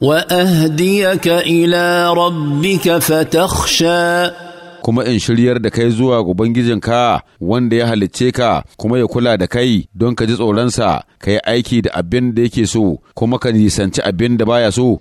وأهديك إلى ربك فتخشى kuma in shiryar da kai zuwa Ubangijinka wanda ya halicce ka kuma ya kula da kai don ka ji tsoronsa ka yi aiki da abin da yake so kuma ka nisanci abin da baya so